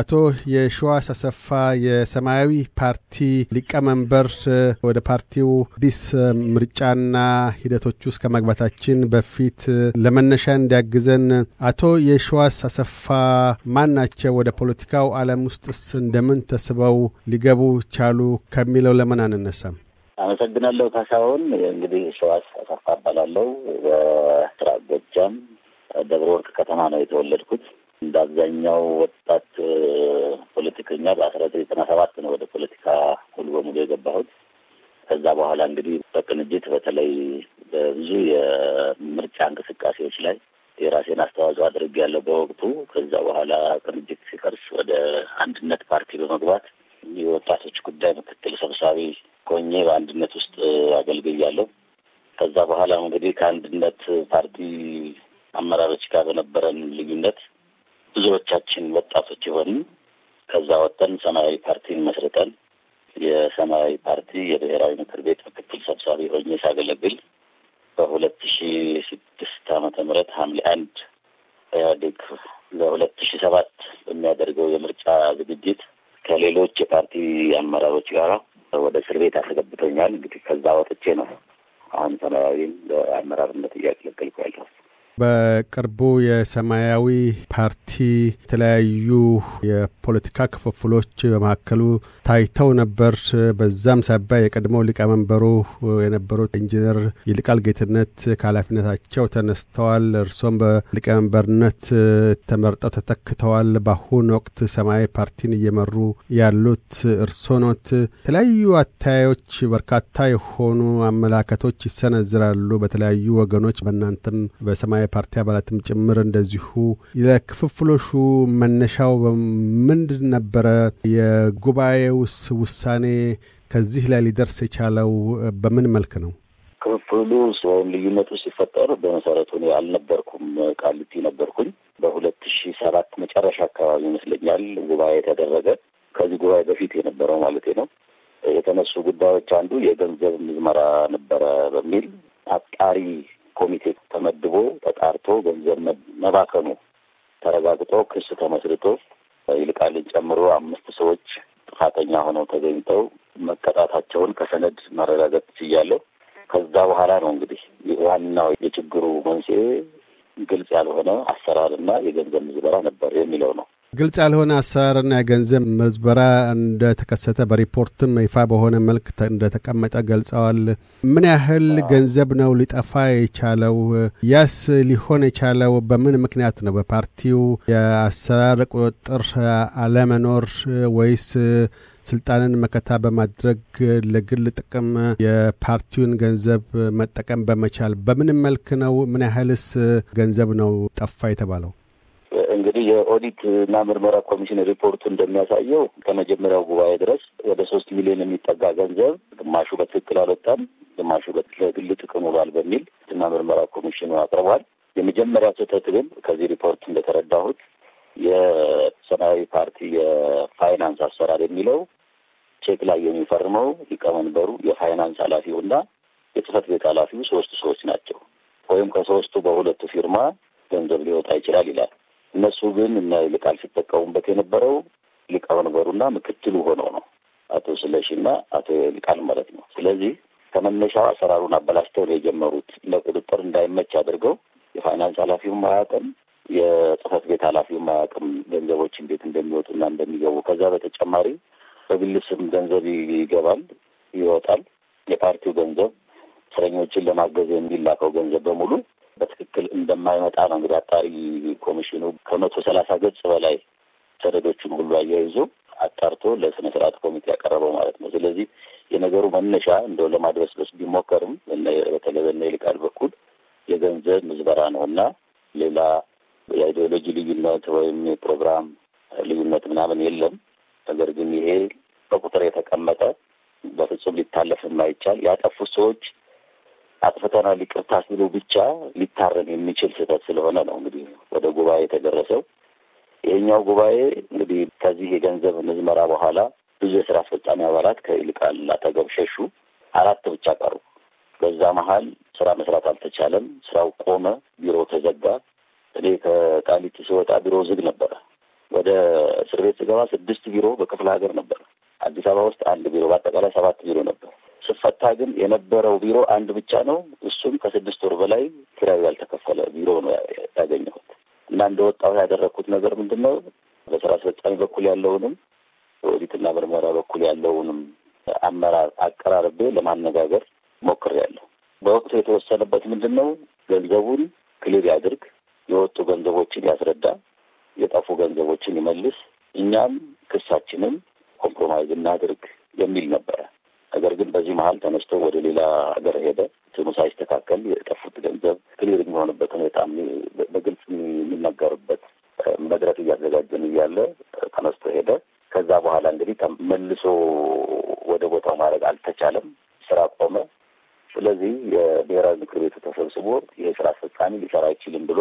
አቶ የሸዋስ አሰፋ የሰማያዊ ፓርቲ ሊቀመንበር፣ ወደ ፓርቲው አዲስ ምርጫና ሂደቶች ውስጥ ከመግባታችን በፊት ለመነሻ እንዲያግዘን አቶ የሸዋስ አሰፋ ማን ናቸው? ወደ ፖለቲካው ዓለም ውስጥስ እንደምን ተስበው ሊገቡ ቻሉ ከሚለው ለምን አንነሳም? አመሰግናለሁ ካሳሁን። እንግዲህ ሸዋስ አሰፋ እባላለሁ። በስራ ጎጃም ደብረ ወርቅ ከተማ ነው የተወለድኩት። እንደ አብዛኛው ወጣት ፖለቲከኛ በአስራ ዘጠኝ ዘጠና ሰባት ነው ወደ ፖለቲካ ሙሉ በሙሉ የገባሁት። ከዛ በኋላ እንግዲህ በቅንጅት በተለይ በብዙ የምርጫ እንቅስቃሴዎች ላይ የራሴን አስተዋጽኦ አድርጌያለሁ በወቅቱ። ከዛ በኋላ ቅንጅት ሲቀርስ ወደ አንድነት ፓርቲ በመግባት የወጣቶች ጉዳይ ምክትል ሰብሳቢ ቆኜ በአንድነት ውስጥ አገልግያለሁ። ከዛ በኋላ እንግዲህ ከአንድነት ፓርቲ አመራሮች ጋር በነበረን ልዩነት ብዙዎቻችን ወጣቶች የሆኑ ከዛ ወጥተን ሰማያዊ ፓርቲን መስርተን የሰማያዊ ፓርቲ የብሔራዊ ምክር ቤት ምክትል ሰብሳቢ ሆኜ ሳገለግል በሁለት ሺ ስድስት ዓመተ ምህረት ሐምሌ አንድ ኢህአዴግ ለሁለት ሺ ሰባት በሚያደርገው የምርጫ ዝግጅት ከሌሎች የፓርቲ አመራሮች ጋር ወደ እስር ቤት አስገብቶኛል። እንግዲህ ከዛ ወጥቼ ነው አሁን ሰማያዊን ለአመራርነት እያገለገልኩ ያለሁ። በቅርቡ የሰማያዊ ፓርቲ የተለያዩ የፖለቲካ ክፍፍሎች በመካከሉ ታይተው ነበር። በዛም ሳቢያ የቀድሞው ሊቀመንበሩ የነበሩት ኢንጂነር ይልቃል ጌትነት ከኃላፊነታቸው ተነስተዋል። እርሶም በሊቀመንበርነት ተመርጠው ተተክተዋል። በአሁን ወቅት ሰማያዊ ፓርቲን እየመሩ ያሉት እርሶ ኖት። የተለያዩ አታያዮች፣ በርካታ የሆኑ አመላከቶች ይሰነዝራሉ በተለያዩ ወገኖች በእናንተም በሰማ ፓርቲ አባላትም ጭምር እንደዚሁ ለክፍፍሎሹ መነሻው ምንድን ነበረ? የጉባኤውስ ውሳኔ ከዚህ ላይ ሊደርስ የቻለው በምን መልክ ነው? ክፍፍሉ ወይም ልዩነቱ ሲፈጠር በመሰረቱ እኔ አልነበርኩም፣ ቃሊቲ ነበርኩኝ። በሁለት ሺ ሰባት መጨረሻ አካባቢ ይመስለኛል ጉባኤ ተደረገ ከዚህ ጉባኤ በፊት የነበረው ማለት ነው። የተነሱ ጉዳዮች አንዱ የገንዘብ ምዝመራ ነበረ በሚል አጣሪ ኮሚቴ ተመድቦ ተጣርቶ ገንዘብ መባከኑ ተረጋግጦ ክስ ተመስርቶ ይልቃልን ጨምሮ አምስት ሰዎች ጥፋተኛ ሆነው ተገኝተው መቀጣታቸውን ከሰነድ ማረጋገጥ ችያለሁ። ከዛ በኋላ ነው እንግዲህ ዋናው የችግሩ መንስኤ ግልጽ ያልሆነ አሰራርና የገንዘብ ምዝበራ ነበር የሚለው ነው። ግልጽ ያልሆነ አሰራርና የገንዘብ መዝበራ እንደተከሰተ በሪፖርትም ይፋ በሆነ መልክ እንደተቀመጠ ገልጸዋል። ምን ያህል ገንዘብ ነው ሊጠፋ የቻለው? ያስ ሊሆን የቻለው በምን ምክንያት ነው? በፓርቲው የአሰራር ቁጥጥር አለመኖር ወይስ ስልጣንን መከታ በማድረግ ለግል ጥቅም የፓርቲውን ገንዘብ መጠቀም በመቻል በምን መልክ ነው? ምን ያህልስ ገንዘብ ነው ጠፋ የተባለው? እንግዲህ የኦዲት እና ምርመራ ኮሚሽን ሪፖርቱ እንደሚያሳየው ከመጀመሪያው ጉባኤ ድረስ ወደ ሶስት ሚሊዮን የሚጠጋ ገንዘብ ግማሹ በትክክል አልወጣም፣ ግማሹ ለግል ጥቅም ውሏል በሚል እና ምርመራ ኮሚሽኑ አቅርቧል። የመጀመሪያ ስህተት ግን ከዚህ ሪፖርት እንደተረዳሁት የሰማያዊ ፓርቲ የፋይናንስ አሰራር የሚለው ቼክ ላይ የሚፈርመው ሊቀመንበሩ፣ የፋይናንስ ኃላፊው እና የጽህፈት ቤት ኃላፊው ሶስቱ ሰዎች ናቸው። ወይም ከሶስቱ በሁለቱ ፊርማ ገንዘብ ሊወጣ ይችላል ይላል። እነሱ ግን እነ ይልቃል ሲጠቀሙበት የነበረው ሊቀመንበሩና ምክትሉ ሆነው ነው አቶ ስለሽና አቶ ይልቃል ማለት ነው። ስለዚህ ከመነሻው አሰራሩን አበላሽተው ነው የጀመሩት። ለቁጥጥር እንዳይመች አድርገው የፋይናንስ ኃላፊውም አያውቅም፣ የጽህፈት ቤት ኃላፊውም አያውቅም ገንዘቦች እንዴት እንደሚወጡና እንደሚገቡ። ከዛ በተጨማሪ በግል ስም ገንዘብ ይገባል፣ ይወጣል። የፓርቲው ገንዘብ እስረኞችን ለማገዝ የሚላከው ገንዘብ በሙሉ በትክክል እንደማይመጣ ነው። እንግዲህ አጣሪ ኮሚሽኑ ከመቶ ሰላሳ ገጽ በላይ ሰነዶቹን ሁሉ አያይዞ አጣርቶ ለስነ ስርዓት ኮሚቴ ያቀረበው ማለት ነው። ስለዚህ የነገሩ መነሻ እንደው ለማድበስበስ ቢሞከርም በተለይ በነ ይልቃል በኩል የገንዘብ ምዝበራ ነው እና ሌላ የአይዲዮሎጂ ልዩነት ወይም የፕሮግራም ልዩነት ምናምን የለም። ነገር ግን ይሄ በቁጥር የተቀመጠ በፍጹም ሊታለፍ የማይቻል ያጠፉት ሰዎች አጥፍተናል ይቅርታ ሲሉ ብቻ ሊታረም የሚችል ስህተት ስለሆነ ነው እንግዲህ ወደ ጉባኤ የተደረሰው። ይሄኛው ጉባኤ እንግዲህ ከዚህ የገንዘብ ምዝመራ በኋላ ብዙ የስራ አስፈጻሚ አባላት ከይልቃል አጠገብ ሸሹ። አራት ብቻ ቀሩ። በዛ መሀል ስራ መስራት አልተቻለም። ስራው ቆመ። ቢሮ ተዘጋ። እኔ ከቃሊቲ ስወጣ ቢሮ ዝግ ነበረ። ወደ እስር ቤት ስገባ ስድስት ቢሮ በክፍለ ሀገር ነበረ። አዲስ አበባ ውስጥ አንድ ቢሮ፣ በአጠቃላይ ሰባት ቢሮ ነበር። ስፈታ ግን የነበረው ቢሮ አንድ ብቻ ነው። እሱም ከስድስት ወር በላይ ኪራዩ ያልተከፈለ ቢሮ ነው ያገኘሁት እና ወጣሁ ያደረግኩት ነገር ምንድን ነው በስራ አስፈጻሚ በኩል ያለውንም በኦዲትና ምርመራ በኩል ያለውንም አመራር አቀራርቤ ለማነጋገር ሞክሬያለሁ። በወቅቱ የተወሰነበት ምንድን ነው ገንዘቡን ክሊር ያድርግ፣ የወጡ ገንዘቦችን ያስረዳ፣ የጠፉ ገንዘቦችን ይመልስ፣ እኛም ክሳችንም ኮምፕሮማይዝ እናድርግ የሚል ነበረ። ነገር ግን በዚህ መሀል ተነስቶ ወደ ሌላ ሀገር ሄደ። እንትኑ ሳይስተካከል የጠፉት ገንዘብ ክሊር የሚሆንበት ሁኔታ በግልጽ የሚነገርበት መድረክ እያዘጋጀን እያለ ተነስቶ ሄደ። ከዛ በኋላ እንግዲህ መልሶ ወደ ቦታው ማድረግ አልተቻለም። ስራ ቆመ። ስለዚህ የብሔራዊ ምክር ቤቱ ተሰብስቦ ይሄ ስራ አስፈጻሚ ሊሰራ አይችልም ብሎ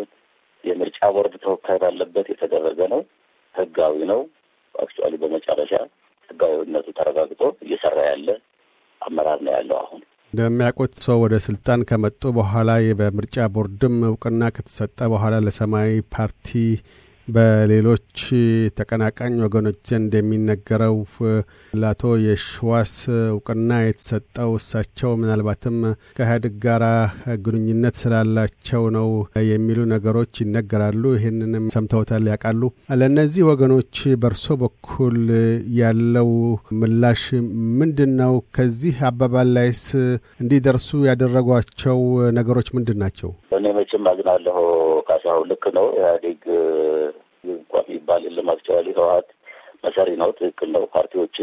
ባለበት የምርጫ ቦርድ ተወካይ ባለበት የተደረገ ነው። ህጋዊ ነው። አክቹዋሊ በመጨረሻ ህጋዊነቱ ተረጋግጦ እየሰራ ያለ አመራር ነው ያለው አሁን እንደሚያውቁት ሰው ወደ ስልጣን ከመጡ በኋላ በምርጫ ቦርድም እውቅና ከተሰጠ በኋላ ለሰማያዊ ፓርቲ በሌሎች ተቀናቃኝ ወገኖች ዘንድ የሚነገረው ለአቶ የሽዋስ እውቅና የተሰጠው እሳቸው ምናልባትም ከኢህአዴግ ጋር ግንኙነት ስላላቸው ነው የሚሉ ነገሮች ይነገራሉ። ይህንንም ሰምተውታል፣ ያውቃሉ። ለእነዚህ ወገኖች በእርሶ በኩል ያለው ምላሽ ምንድን ነው? ከዚህ አባባል ላይስ እንዲደርሱ ያደረጓቸው ነገሮች ምንድን ናቸው? እኔ መቼም አግናለሁ ካሳሁን፣ ልክ ነው ኢህአዴግ ቋሚ ይባል ልማት ይቻላል። ህወሀት መሰሪ ነው። ትክክል ነው። ፓርቲዎች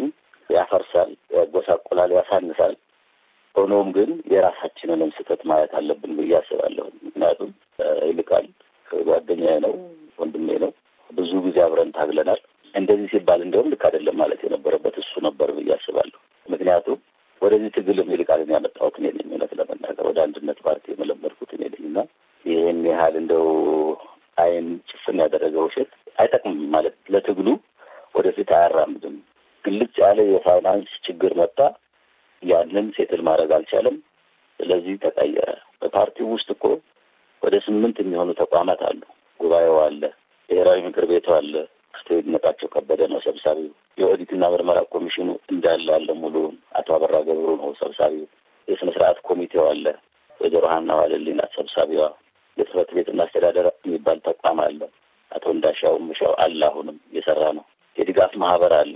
ሰብሳቢዋ የጽህፈት ቤትና አስተዳደር የሚባል ተቋም አለ። አቶ እንዳሻው ምሻው አለ። አሁንም የሰራ ነው። የድጋፍ ማህበር አለ።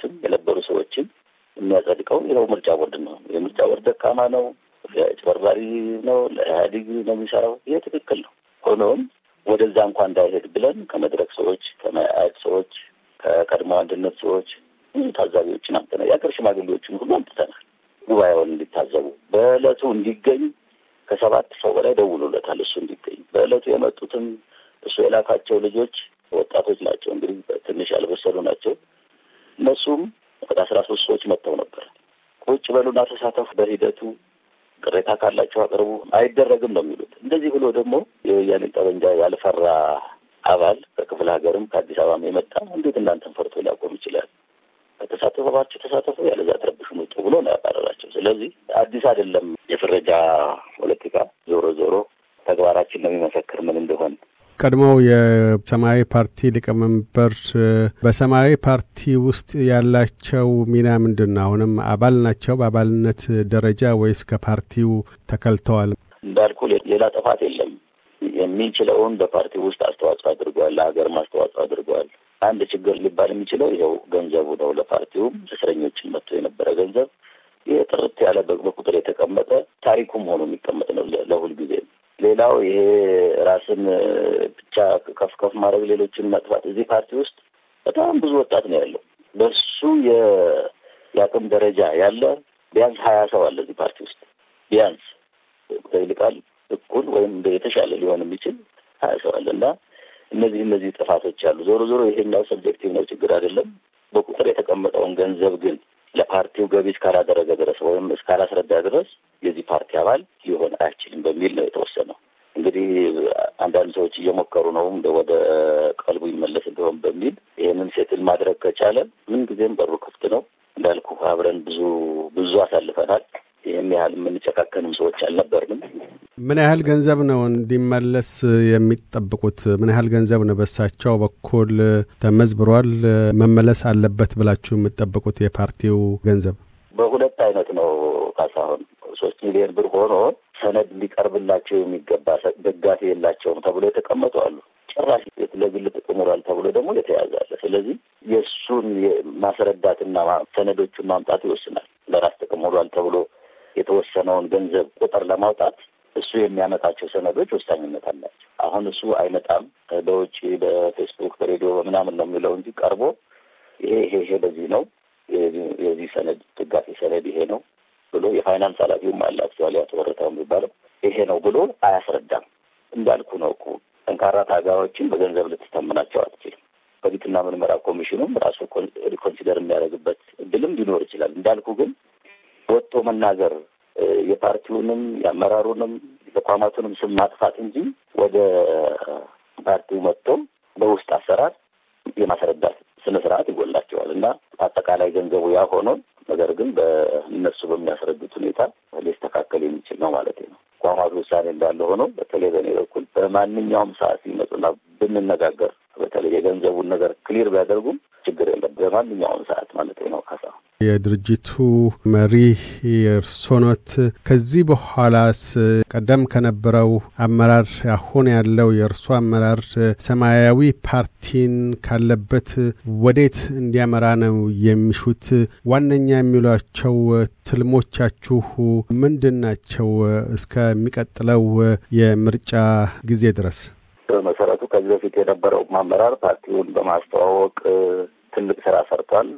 በፊትም የነበሩ ሰዎችም የሚያጸድቀው ይኸው ምርጫ ቦርድ ነው። የምርጫ ቦርድ ደካማ ነው፣ አጭበርባሪ ነው፣ ለኢህአዴግ ነው የሚሰራው። ይሄ ትክክል ነው። ሆኖም ወደዛ እንኳ እንዳይሄድ ብለን ከመድረክ ሰዎች፣ ከመኢአድ ሰዎች፣ ከቀድሞ አንድነት ሰዎች ብዙ ታዛቢዎችን አምጥተናል። የአገር ሽማግሌዎችን ሁሉ አምጥተናል ጉባኤውን እንዲታዘቡ በእለቱ እንዲገኝ ከሰባት ሰው በላይ ደውሎለታል። እሱ እንዲገኝ በእለቱ የመጡትም እሱ የላካቸው ልጆች ወጣቶች ናቸው። እንግዲህ ትንሽ ያልበሰሉ ናቸው። እነሱም ወደ አስራ ሶስት ሰዎች መጥተው ነበር። ቁጭ በሉና ተሳተፉ፣ በሂደቱ ቅሬታ ካላቸው አቅርቡ፣ አይደረግም ነው የሚሉት። እንደዚህ ብሎ ደግሞ የወያኔ ጠመንጃ ያልፈራ አባል ከክፍለ ሀገርም ከአዲስ አበባም የመጣ እንዴት እናንተን ፈርቶ ሊያቆም ይችላል? ከተሳተፈባቸው ተሳተፉ፣ ያለዛ ተረብሹን ውጡ ብሎ ነው ያባረራቸው። ስለዚህ አዲስ አይደለም የፍረጃ ፖለቲካ ቀድሞው የሰማያዊ ፓርቲ ሊቀመንበር በሰማያዊ ፓርቲ ውስጥ ያላቸው ሚና ምንድን ነው? አሁንም አባል ናቸው በአባልነት ደረጃ ወይስ ከፓርቲው ተከልተዋል? እንዳልኩ ሌላ ጥፋት የለም። የሚችለውን በፓርቲ ውስጥ አስተዋጽኦ አድርጓል፣ ለሀገርም አስተዋጽኦ አድርጓል። አንድ ችግር ሊባል የሚችለው ይኸው ገንዘቡ ነው። ለፓርቲውም እስረኞችን መጥቶ የነበረ ገንዘብ ይህ ጥርት ያለ በቁጥር የተቀመጠ ታሪኩም ሆኖ የሚቀመጥ ነው ለሁል ጊዜ ሌላው ይሄ ራስን ብቻ ከፍከፍ ማድረግ፣ ሌሎችን መጥፋት። እዚህ ፓርቲ ውስጥ በጣም ብዙ ወጣት ነው ያለው። በሱ የአቅም ደረጃ ያለ ቢያንስ ሀያ ሰው አለ እዚህ ፓርቲ ውስጥ ቢያንስ ይልቃል እኩል ወይም የተሻለ ሊሆን የሚችል ሀያ ሰው አለ እና እነዚህ እነዚህ ጥፋቶች አሉ። ዞሮ ዞሮ ይሄኛው ሰብጀክቲቭ ነው፣ ችግር አይደለም። በቁጥር የተቀመጠውን ገንዘብ ግን ለፓርቲው ገቢ እስካላደረገ ድረስ ወይም እስካላስረዳ ድረስ የዚህ ፓርቲ አባል ሊሆን አይችልም በሚል ነው የተወሰነ ነው ወደ ቀልቡ ይመለስ እንደሆን በሚል ይህንን ሴትል ማድረግ ከቻለ ምን ጊዜም በሩ ክፍት ነው። እንዳልኩ አብረን ብዙ ብዙ አሳልፈናል። ይህን ያህል የምንጨካከንም ሰዎች አልነበርንም። ምን ያህል ገንዘብ ነው እንዲመለስ የሚጠብቁት? ምን ያህል ገንዘብ ነው በሳቸው በኩል ተመዝብሯል? መመለስ አለበት ብላችሁ የምጠብቁት የፓርቲው ገንዘብ? በሁለት አይነት ነው ካሳሁን። ሶስት ሚሊዮን ብር ሆኖ ሰነድ ሊቀርብላቸው የሚገባ ደጋፊ የላቸውም ተብሎ የተቀመጡ አሉ። ጭራሽ ለግል ጥቅም ውሏል ተብሎ ደግሞ የተያዘ አለ። ስለዚህ የእሱን ማስረዳትና ሰነዶቹን ማምጣት ይወስናል። ለራስ ጥቅም ውሏል ተብሎ የተወሰነውን ገንዘብ ቁጥር ለማውጣት እሱ የሚያመጣቸው ሰነዶች ወሳኝነት አላቸው። አሁን እሱ አይመጣም በውጭ በፌስቡክ በሬዲዮ በምናምን ነው የሚለው እንጂ ቀርቦ ይሄ ይሄ ይሄ በዚህ ነው የዚህ ሰነድ ድጋፊ ሰነድ ይሄ ነው ብሎ የፋይናንስ ኃላፊውም አላቸዋል ያተወረታው የሚባለው ይሄ ነው ብሎ አያስረዳም። እንዳልኩ ነው እኮ ጠንካራ ታጋዮችን በገንዘብ ልትተምናቸው አትችልም። ኦዲትና ምርመራ ኮሚሽኑም ራሱ ሪኮንሲደር የሚያደርግበት እድልም ሊኖር ይችላል። እንዳልኩ ግን ወጦ መናገር የፓርቲውንም የአመራሩንም የተቋማቱንም ስም ማጥፋት እንጂ ወደ ፓርቲው መጥቶ በውስጥ አሰራር የማስረዳት ስነ ስርዓት ይጎላቸዋል እና አጠቃላይ ገንዘቡ ያ ሆኖ ነገር ግን በእነሱ በሚያስረዱት ሁኔታ ሊስተካከል የሚችል ነው ማለት ነው። ቋንቋ ውሳኔ እንዳለ ሆኖ በተለይ በእኔ በኩል በማንኛውም ሰዓት ሲመጡና ብንነጋገር በተለይ የገንዘቡን ነገር ክሊር ቢያደርጉም ችግር የለም። በማንኛውም ሰዓት ማለት ነው ካሳ የድርጅቱ መሪ የእርሶኖት። ከዚህ በኋላስ ቀደም ከነበረው አመራር አሁን ያለው የእርሶ አመራር ሰማያዊ ፓርቲን ካለበት ወዴት እንዲያመራ ነው የሚሹት? ዋነኛ የሚሏቸው ትልሞቻችሁ ምንድን ናቸው? እስከሚቀጥለው የምርጫ ጊዜ ድረስ በመሰረቱ ከዚህ በፊት የነበረው አመራር ፓርቲውን በማስተዋወቅ ትልቅ ስራ ሰርቷል።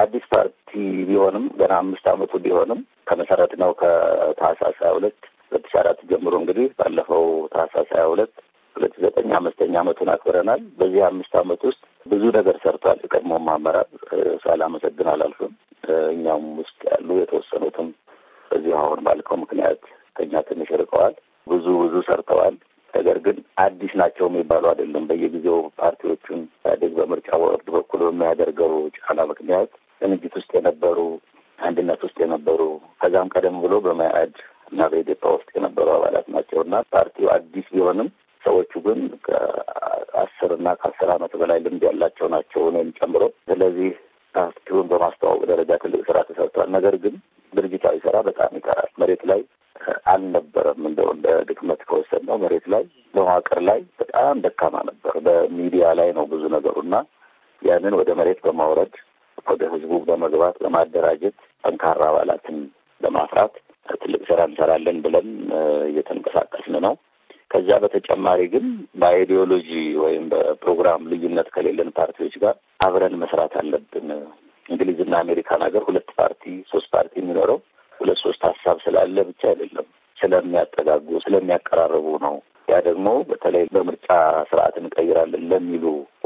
አዲስ ፓርቲ ቢሆንም ገና አምስት ዓመቱ ቢሆንም ከመሰረት ነው ከታህሳስ ሀያ ሁለት ሁለት ሺ አራት ጀምሮ እንግዲህ ባለፈው ታህሳስ ሀያ ሁለት ሁለት ዘጠኝ አምስተኛ ዓመቱን አክብረናል። በዚህ አምስት አመት ውስጥ ብዙ ነገር ሰርቷል። የቀድሞም አመራር ሳላመሰግን አላልፍም። እኛም ውስጥ ያሉ የተወሰኑትም በዚህ አሁን ባልከው ምክንያት ከኛ ትንሽ ርቀዋል። ብዙ ብዙ ሰርተዋል። ነገር ግን አዲስ ናቸው የሚባሉ አይደለም። በየጊዜው ግን በአይዲዮሎጂ ወይም በፕሮግራም ልዩነት ከሌለን ፓርቲዎች ጋር አብረን መስራት አለብን። እንግሊዝና አሜሪካን ሀገር ሁለት ፓርቲ ሶስት ፓርቲ የሚኖረው ሁለት ሶስት ሀሳብ ስላለ ብቻ አይደለም፣ ስለሚያጠጋጉ ስለሚያቀራርቡ ነው። ያ ደግሞ በተለይ በምርጫ ስርዓት እንቀይራለን ለሚሉ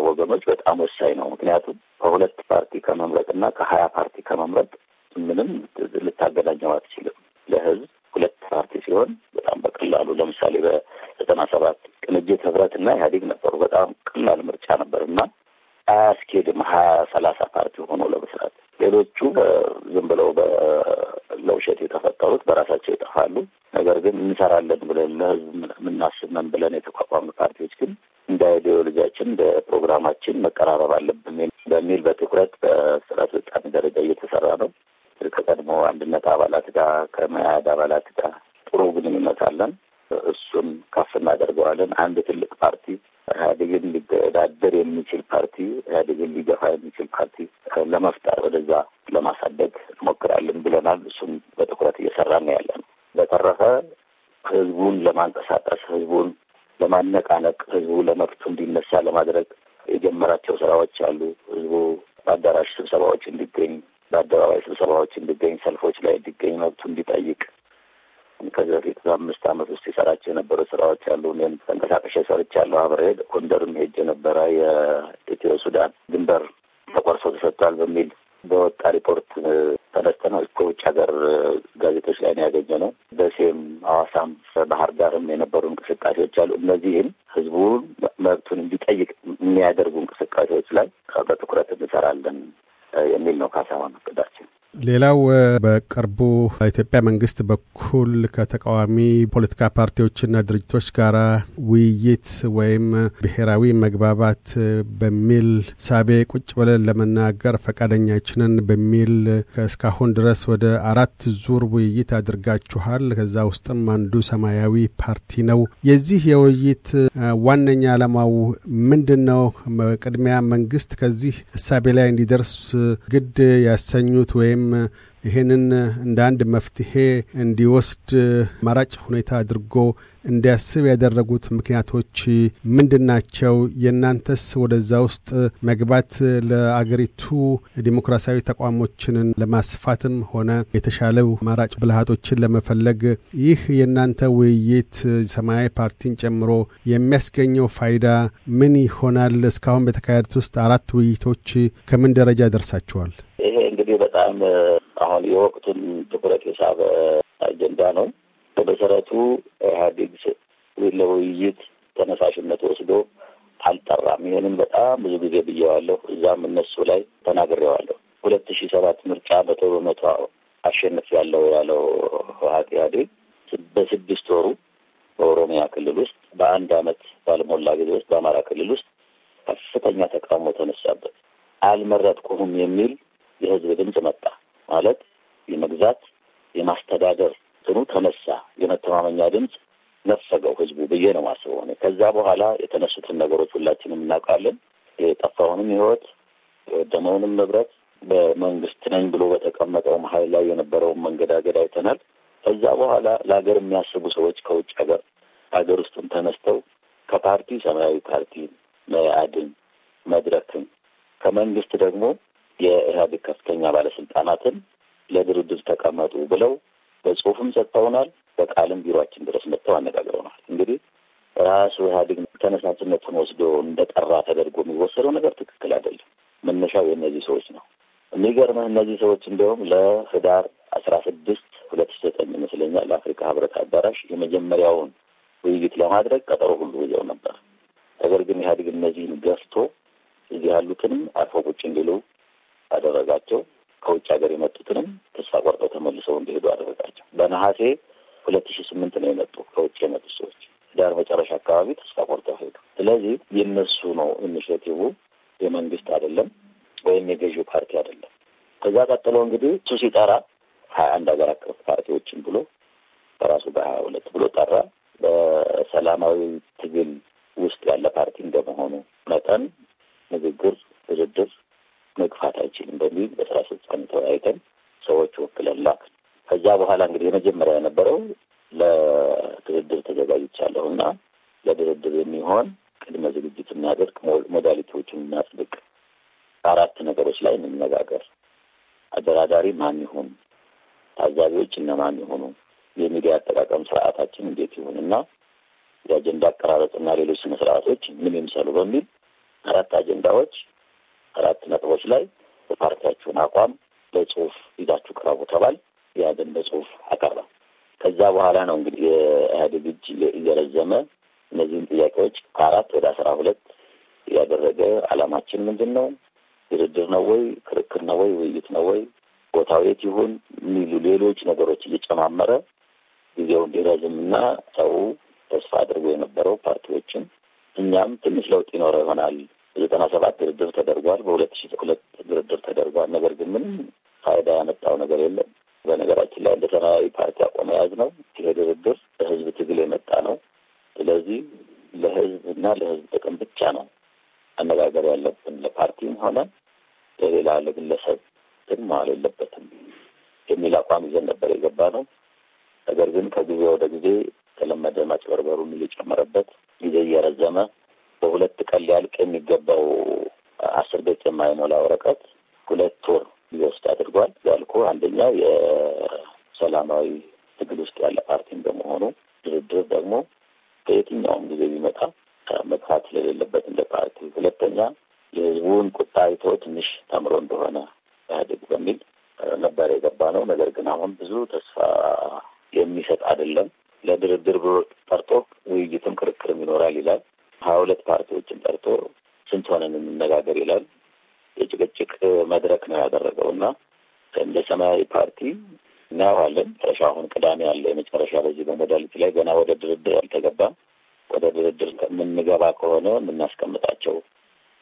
ወገኖች በጣም ወሳኝ ነው። ምክንያቱም ከሁለት ፓርቲ ከመምረጥና ከሀያ ፓርቲ ከመምረጥ ምንም ልታገናኘው አትችልም። ለህዝብ ሁለት ፓርቲ ሲሆን በጣም በቀላሉ ለምሳሌ በዘጠና ሰባት ቅንጅት እና ኢህአዴግ ነበሩ። በጣም ቀላል ምርጫ ነበር እና አያስኬድም። ሀያ ሰላሳ ፓርቲ ሆኖ ለመስራት ሌሎቹ ዝም ብለው ለውሸት የተፈጠሩት በራሳቸው ይጠፋሉ። ነገር ግን እንሰራለን ብለን ለህዝብ የምናስመን ብለን የተቋቋሙ ፓርቲዎች ግን እንደ አይዲዮሎጂያችን እንደ ፕሮግራማችን መቀራረብ አለብን በሚል በትኩረት በስራ አስፈጻሚ ደረጃ እየተሰራ ነው። ከቀድሞ አንድነት አባላት ጋር ከመያድ አባላት ጋር ጥሩ ግንኙነት አለን። እሱን ከ እናደርገዋለን። አንድ ትልቅ ፓርቲ ኢህአዴግን ሊገዳደር የሚችል ፓርቲ፣ ኢህአዴግን ሊገፋ የሚችል ፓርቲ ለመፍጠር ወደዛ ለማሳደግ እንሞክራለን ብለናል። እሱም በትኩረት እየሰራ ነው ያለ ነው። በተረፈ ህዝቡን ለማንቀሳቀስ፣ ህዝቡን ለማነቃነቅ፣ ህዝቡ ለመብቱ እንዲነሳ ለማድረግ የጀመራቸው ስራዎች አሉ። ህዝቡ በአዳራሽ ስብሰባዎች እንዲገኝ፣ በአደባባይ ስብሰባዎች እንዲገኝ፣ ሰልፎች ላይ እንዲገኝ፣ መብቱ እንዲጠይቅ ከዚህ በፊት በአምስት አመት ውስጥ ይሰራቸው የነበሩ ስራዎች አሉ። እኔም ተንቀሳቀሽ ያለው አብሬ ጎንደርም ሄጄ ነበረ። የኢትዮ ሱዳን ድንበር ተቆርሶ ተሰጥቷል በሚል በወጣ ሪፖርት ተነስተን ከውጭ ሀገር ጋዜጦች ላይ ነው ያገኘነው። ደሴም፣ ሐዋሳም፣ ባህር ዳርም የነበሩ እንቅስቃሴዎች አሉ። እነዚህም ህዝቡን መብቱን እንዲጠይቅ የሚያደርጉ እንቅስቃሴዎች ላይ በትኩረት እንሰራለን የሚል ነው ካሳሁን ሌላው በቅርቡ ኢትዮጵያ መንግስት በኩል ከተቃዋሚ ፖለቲካ ፓርቲዎችና ድርጅቶች ጋር ውይይት ወይም ብሔራዊ መግባባት በሚል ሳቤ ቁጭ ብለን ለመናገር ፈቃደኛችንን በሚል እስካሁን ድረስ ወደ አራት ዙር ውይይት አድርጋችኋል። ከዛ ውስጥም አንዱ ሰማያዊ ፓርቲ ነው። የዚህ የውይይት ዋነኛ ዓላማው ምንድን ነው? ቅድሚያ መንግስት ከዚህ እሳቤ ላይ እንዲደርስ ግድ ያሰኙት ወይም ይሄንን እንደ አንድ መፍትሄ እንዲወስድ ማራጭ ሁኔታ አድርጎ እንዲያስብ ያደረጉት ምክንያቶች ምንድናቸው? የእናንተስ ወደዛ ውስጥ መግባት ለአገሪቱ ዲሞክራሲያዊ ተቋሞችን ለማስፋትም ሆነ የተሻለው ማራጭ ብልሃቶችን ለመፈለግ ይህ የእናንተ ውይይት ሰማያዊ ፓርቲን ጨምሮ የሚያስገኘው ፋይዳ ምን ይሆናል? እስካሁን በተካሄዱት ውስጥ አራት ውይይቶች ከምን ደረጃ ደርሳችኋል? ይሄ እንግዲህ በጣም አሁን የወቅቱን ትኩረት የሳበ አጀንዳ ነው። በመሰረቱ ኢህአዴግ ለውይይት ተነሳሽነት ወስዶ አልጠራም። ይህንን በጣም ብዙ ጊዜ ብየዋለሁ፣ እዛም እነሱ ላይ ተናግሬዋለሁ። ሁለት ሺ ሰባት ምርጫ መቶ በመቶ አሸንፍ ያለው ያለው ህወሓት ኢህአዴግ በስድስት ወሩ በኦሮሚያ ክልል ውስጥ በአንድ አመት ባልሞላ ጊዜ ውስጥ በአማራ ክልል ውስጥ ከፍተኛ ተቃውሞ ተነሳበት። አልመረጥኩህም የሚል የህዝብ ድምፅ መጣ ማለት የመግዛት የማስተዳደር እንትኑ ተነሳ። የመተማመኛ ድምፅ ነፈገው ህዝቡ ብዬ ነው ማስበው እኔ። ከዛ በኋላ የተነሱትን ነገሮች ሁላችንም እናውቃለን። የጠፋውንም ህይወት የወደመውንም ንብረት በመንግስት ነኝ ብሎ በተቀመጠውም ሀይል ላይ የነበረውን መንገዳገድ አይተናል። ከዛ በኋላ ለሀገር የሚያስቡ ሰዎች ከውጭ ሀገር ሀገር ውስጥም ተነስተው ከፓርቲ ሰማያዊ ፓርቲ፣ መአድን፣ መድረክን ከመንግስት ደግሞ የኢህአዴግ ከፍተኛ ባለስልጣናትን ለድርድር ተቀመጡ ብለው በጽሁፍም ሰጥተውናል። በቃልም ቢሮችን ድረስ መጥተው አነጋግረውናል። እንግዲህ ራሱ ኢህአዴግ ተነሳሽነቱን ወስዶ እንደጠራ ተደርጎ የሚወሰደው ነገር ትክክል አይደለም። መነሻው የእነዚህ ሰዎች ነው። የሚገርምህ እነዚህ ሰዎች እንዲሁም ለህዳር አስራ ስድስት ሁለት ሺ ዘጠኝ ይመስለኛል ለአፍሪካ ህብረት አዳራሽ የመጀመሪያውን ውይይት ለማድረግ ቀጠሮ ሁሉ ይዘው ነበር። ነገር ግን ኢህአዴግ እነዚህን ገፍቶ እዚህ ያሉትንም አርፎ ቁጭ እንዲሉ አደረጋቸው። ከውጭ ሀገር የመጡትንም ተስፋ ቆርጠው ተመልሰው እንዲሄዱ አደረጋቸው። በነሐሴ ሁለት ሺ ስምንት ነው የመጡ ከውጭ የመጡ ሰዎች ዳር መጨረሻ አካባቢ ተስፋ ቆርጠው ሄዱ። ስለዚህ የነሱ ነው ኢኒሽቲቭ የመንግስት አይደለም ወይም የገዢው ፓርቲ አይደለም። ከዛ ቀጥሎ እንግዲህ እሱ ሲጠራ ሀያ አንድ ሀገር አቀፍ ፓርቲዎችን ብሎ በራሱ በሀያ ሁለት ብሎ ጠራ። በሰላማዊ ትግል ውስጥ ያለ ፓርቲ እንደመሆኑ መጠን ንግግር፣ ድርድር መግፋት አይችልም በሚል በስራ አስፈጻሚ ተወያይተን ሰዎች ወክለን ላክ ከዛ በኋላ እንግዲህ የመጀመሪያ የነበረው ለድርድር ተዘጋጅቻለሁ እና ለድርድር የሚሆን ቅድመ ዝግጅት እናደርግ፣ ሞዳሊቲዎችን እናጽድቅ፣ አራት ነገሮች ላይ እንነጋገር፣ አደራዳሪ ማን ይሁን፣ ታዛቢዎች እነማን ይሁኑ፣ የሚዲያ አጠቃቀም ስርዓታችን እንዴት ይሁን እና የአጀንዳ አቀራረጽና ሌሎች ስነስርዓቶች ምን ይምሰሉ በሚል አራት አጀንዳዎች አራት ነጥቦች ላይ የፓርቲያችሁን አቋም በጽሁፍ ይዛችሁ ቅረቡ ተባል። ኢህአዴን በጽሁፍ አቀረብ። ከዛ በኋላ ነው እንግዲህ የኢህአዴግ እጅ እየረዘመ እነዚህን ጥያቄዎች ከአራት ወደ አስራ ሁለት ያደረገ አላማችን ምንድን ነው? ድርድር ነው ወይ? ክርክር ነው ወይ? ውይይት ነው ወይ? ቦታው የት ይሁን? የሚሉ ሌሎች ነገሮች እየጨማመረ ጊዜው እንዲረዝምና ሰው ተስፋ አድርጎ የነበረው ፓርቲዎችን እኛም ትንሽ ለውጥ ይኖረው ይሆናል የዘጠና ሰባት ድርድር ተደርጓል። በሁለት ሺ ሁለት ድርድር ተደርጓል። ነገር ግን ምንም ፋይዳ ያመጣው ነገር የለም። በነገራችን ላይ እንደ ሰማያዊ ፓርቲ አቋም የያዝ ነው። ይሄ ድርድር ለህዝብ ትግል የመጣ ነው። ስለዚህ ለህዝብ እና ለህዝብ ጥቅም ብቻ ነው አነጋገር ያለብን። ለፓርቲም ሆነ ለሌላ ለግለሰብ ግን መዋል የለበትም የሚል አቋም ይዘን ነበር የገባ ነው። ነገር ግን ከጊዜ ወደ ጊዜ የተለመደ ማጭበርበሩን እየጨመረበት የጨመረበት ጊዜ እየረዘመ በሁለት ቀን ሊያልቅ የሚገባው አስር ገጽ የማይሞላ ወረቀት ሁለት ወር ሊወስድ አድርጓል። ያልኩ አንደኛው የሰላማዊ ትግል ውስጥ ያለ ፓርቲን በመሆኑ ድርድር ደግሞ በየትኛውም ጊዜ ቢመጣ መግፋት ስለሌለበት እንደ ፓርቲ፣ ሁለተኛ የህዝቡን ቁጣ አይቶ ትንሽ ተምሮ እንደሆነ ኢህአዴግ በሚል ነበር የገባ ነው። ነገር ግን አሁን ብዙ ተስፋ የሚሰጥ አይደለም። ለድርድር ብሎ ጠርቶ ውይይትም ክርክርም ይኖራል ይላል። ሀያ ሁለት ፓርቲዎችን ጠርቶ ስንት ሆነን እንነጋገር ይላል። የጭቅጭቅ መድረክ ነው ያደረገው እና እንደ ሰማያዊ ፓርቲ እናየዋለን። መጨረሻ አሁን ቅዳሜ ያለ የመጨረሻ በዚህ በሞዳሊቲ ላይ ገና ወደ ድርድር ያልተገባ ወደ ድርድር የምንገባ ከሆነ የምናስቀምጣቸው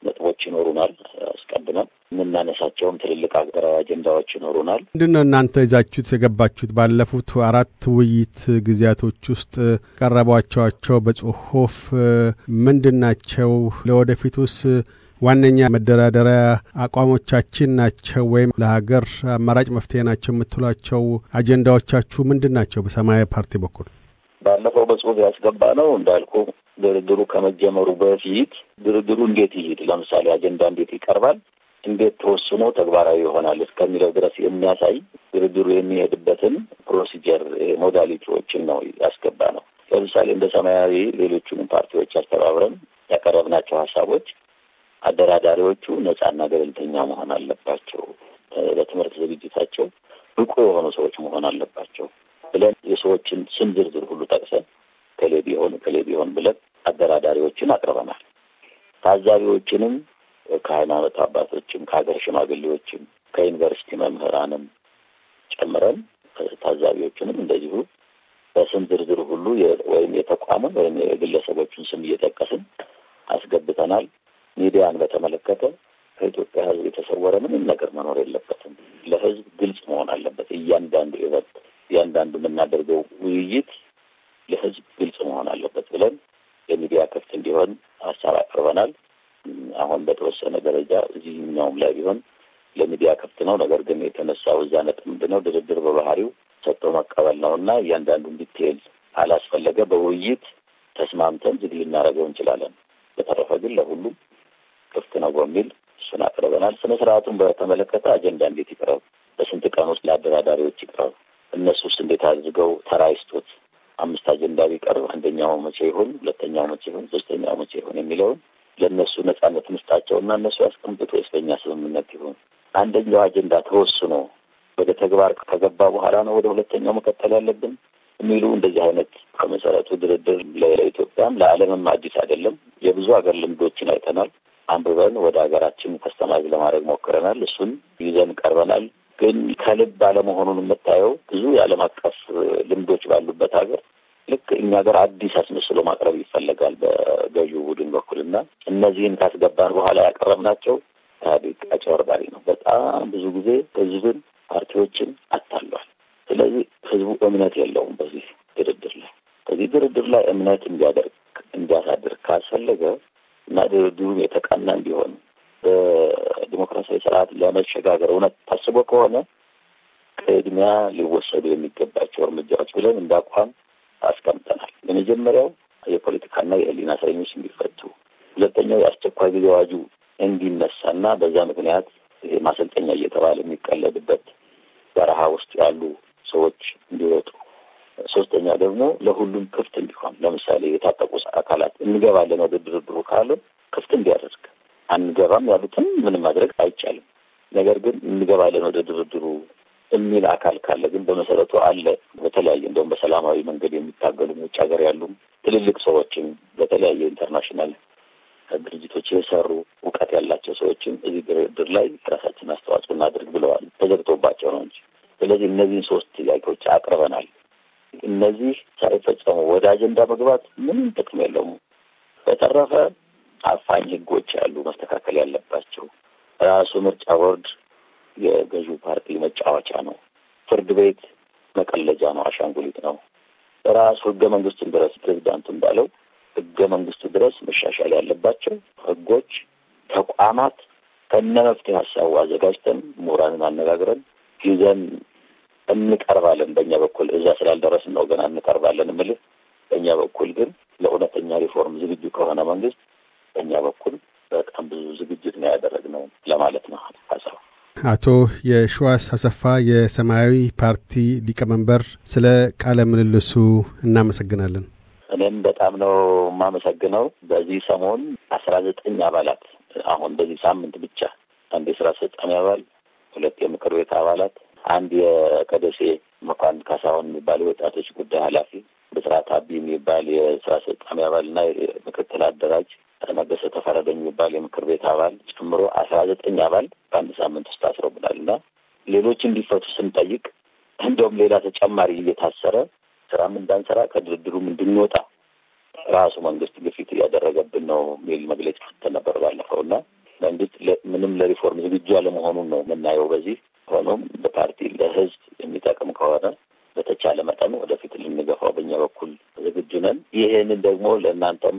ነጥቦች ይኖሩናል። አስቀድመን የምናነሳቸውም ትልልቅ ሀገራዊ አጀንዳዎች ይኖሩናል። ምንድን ነው እናንተ ይዛችሁት የገባችሁት? ባለፉት አራት ውይይት ጊዜያቶች ውስጥ ቀረቧቸዋቸው በጽሁፍ ምንድን ናቸው? ለወደፊቱስ ዋነኛ መደራደሪያ አቋሞቻችን ናቸው ወይም ለሀገር አማራጭ መፍትሄ ናቸው የምትሏቸው አጀንዳዎቻችሁ ምንድን ናቸው? በሰማያዊ ፓርቲ በኩል ባለፈው በጽሁፍ ያስገባ ነው እንዳልኩ ድርድሩ ከመጀመሩ በፊት ድርድሩ እንዴት ይሄድ፣ ለምሳሌ አጀንዳ እንዴት ይቀርባል፣ እንዴት ተወስኖ ተግባራዊ ይሆናል እስከሚለው ድረስ የሚያሳይ ድርድሩ የሚሄድበትን ፕሮሲጀር ሞዳሊቲዎችን ነው ያስገባ ነው። ለምሳሌ እንደ ሰማያዊ ሌሎቹንም ፓርቲዎች አስተባብረን ያቀረብናቸው ሀሳቦች አደራዳሪዎቹ ነጻና ገለልተኛ መሆን አለባቸው፣ ለትምህርት ዝግጅታቸው ብቁ የሆኑ ሰዎች መሆን አለባቸው ብለን የሰዎችን ስም ዝርዝር ሁሉ ጠቅሰን እከሌ ቢሆን እከሌ ቢሆን ብለን አደራዳሪዎችን አቅርበናል። ታዛቢዎችንም ከሃይማኖት አባቶችም ከሀገር ሽማግሌዎችም ከዩኒቨርሲቲ መምህራንም ጨምረን ታዛቢዎችንም እንደዚሁ በስም ዝርዝር ሁሉ ወይም የተቋሙን ወይም የግለሰቦችን ስም እየጠቀስን አስገብተናል። ሚዲያን በተመለከተ ከኢትዮጵያ ሕዝብ የተሰወረ ምንም ነገር መኖር የለበትም። ለሕዝብ ግልጽ መሆን አለበት። እያንዳንዱ ኢቨንት፣ እያንዳንዱ የምናደርገው ውይይት ለህዝብ ግልጽ መሆን አለበት ብለን የሚዲያ ክፍት እንዲሆን ሀሳብ አቅርበናል። አሁን በተወሰነ ደረጃ እዚህኛውም ላይ ቢሆን ለሚዲያ ክፍት ነው። ነገር ግን የተነሳው እዛ ነጥብ ምንድነው ድርድር በባህሪው ሰጥቶ መቀበል ነው እና እያንዳንዱን ዲቴይል አላስፈለገ በውይይት ተስማምተን ዝግ ልናደርገው እንችላለን። በተረፈ ግን ለሁሉም ክፍት ነው በሚል እሱን አቅርበናል። ስነ ስርዓቱን በተመለከተ አጀንዳ እንዴት ይቅረብ፣ በስንት ቀን ውስጥ ለአደራዳሪዎች ይቅረብ፣ እነሱ ውስጥ እንዴት አድርገው ተራ ይስጡት አምስት አጀንዳ ቢቀርብ አንደኛው መቼ ይሁን፣ ሁለተኛው መቼ ይሁን፣ ሶስተኛው መቼ ይሁን የሚለውን ለእነሱ ነጻነት እና እነሱ ያስቀምጡት ወይስ በእኛ ስምምነት ይሁን? አንደኛው አጀንዳ ተወስኖ ወደ ተግባር ከገባ በኋላ ነው ወደ ሁለተኛው መቀጠል ያለብን የሚሉ እንደዚህ አይነት ከመሰረቱ ድርድር ለኢትዮጵያም ለዓለምም አዲስ አይደለም። የብዙ ሀገር ልምዶችን አይተናል። አንብበን ወደ ሀገራችን ተስተማጅ ለማድረግ ሞክረናል። እሱን ይዘን ቀርበናል። ግን ከልብ ባለመሆኑን የምታየው ብዙ የዓለም አቀፍ ልምዶች ባሉበት ሀገር ልክ እኛ ሀገር አዲስ አስመስሎ ማቅረብ ይፈለጋል በገዢው ቡድን በኩል እና እነዚህን ካስገባን በኋላ ያቀረብናቸው ታሪክ አጭበርባሪ ነው። በጣም ብዙ ጊዜ ህዝብን፣ ፓርቲዎችን አታሏል። ስለዚህ ህዝቡ እምነት የለውም በዚህ ድርድር ላይ በዚህ ድርድር ላይ እምነት እንዲያደርግ እንዲያሳድር ካስፈለገ እና ድርድሩ የተቃና እንዲሆን በዲሞክራሲያዊ ስርዓት ለመሸጋገር እውነት ታስቦ ከሆነ ቅድሚያ ሊወሰዱ የሚገባቸው እርምጃዎች ብለን እንደ አቋም አስቀምጠናል። የመጀመሪያው የፖለቲካና የህሊና እስረኞች እንዲፈቱ፣ ሁለተኛው የአስቸኳይ ጊዜ አዋጁ እንዲነሳና በዛ ምክንያት ይሄ ማሰልጠኛ እየተባለ የሚቀለድበት በረሃ ውስጥ ያሉ ሰዎች እንዲወጡ፣ ሶስተኛ ደግሞ ለሁሉም ክፍት እንዲሆን፣ ለምሳሌ የታጠቁ አካላት እንገባለን ወደ ድርድሩ ካለ ክፍት እንዲያደርግ አንገባም ያሉትን ምንም ማድረግ አይቻልም። ነገር ግን እንገባለን ወደ ድርድሩ የሚል አካል ካለ ግን በመሰረቱ አለ። በተለያየ እንደውም በሰላማዊ መንገድ የሚታገሉም ውጭ ሀገር ያሉም ትልልቅ ሰዎችም በተለያየ ኢንተርናሽናል ድርጅቶች የሰሩ እውቀት ያላቸው ሰዎችም እዚህ ድርድር ላይ ራሳችን አስተዋጽኦ እናድርግ ብለዋል። ተዘግቶባቸው ነው እንጂ። ስለዚህ እነዚህን ሶስት ጥያቄዎች አቅርበናል። እነዚህ ሳይፈጸሙ ወደ አጀንዳ መግባት ምንም ጥቅም የለውም። በተረፈ አፋኝ ህጎች አሉ መስተካከል ያለባቸው። ራሱ ምርጫ ቦርድ የገዢው ፓርቲ መጫወቻ ነው። ፍርድ ቤት መቀለጃ ነው፣ አሻንጉሊት ነው። ራሱ ህገ መንግስቱን ድረስ ፕሬዚዳንቱ እንዳለው ህገ መንግስቱ ድረስ መሻሻል ያለባቸው ህጎች፣ ተቋማት ከነ መፍትሄ ሀሳቡ አዘጋጅተን ምሁራንን አነጋግረን ይዘን እንቀርባለን። በእኛ በኩል እዛ ስላልደረስን ነው ገና እንቀርባለን እምልህ። በእኛ በኩል ግን ለእውነተኛ ሪፎርም ዝግጁ ከሆነ መንግስት በእኛ በኩል በጣም ብዙ ዝግጅት ነው ያደረግነው ለማለት ነው ሀሳብ። አቶ የሸዋስ አሰፋ የሰማያዊ ፓርቲ ሊቀመንበር፣ ስለ ቃለ ምልልሱ እናመሰግናለን። እኔም በጣም ነው የማመሰግነው። በዚህ ሰሞን አስራ ዘጠኝ አባላት አሁን በዚህ ሳምንት ብቻ አንድ የስራ አስፈጻሚ አባል፣ ሁለት የምክር ቤት አባላት፣ አንድ የቀደሴ መኳን ካሳሁን የሚባል የወጣቶች ጉዳይ ኃላፊ፣ ብስራት አቢ የሚባል የስራ አስፈጻሚ አባልና ምክትል አደራጅ ለመገሰ ተፈረደኝ የሚባል የምክር ቤት አባል ጨምሮ አስራ ዘጠኝ አባል በአንድ ሳምንት ውስጥ አስረውብናል እና ሌሎች እንዲፈቱ ስንጠይቅ እንደውም ሌላ ተጨማሪ እየታሰረ ስራም እንዳንሰራ ከድርድሩም እንድንወጣ ራሱ መንግስት ግፊት እያደረገብን ነው የሚል መግለጫ ነበር ባለፈው እና መንግስት ምንም ለሪፎርም ዝግጁ አለመሆኑን ነው የምናየው። በዚህ ሆኖም በፓርቲ ለህዝብ የሚጠቅም ከሆነ በተቻለ መጠን ወደፊት ልንገፋው በኛ በኩል ዝግጁ ነን። ይህንን ደግሞ ለእናንተም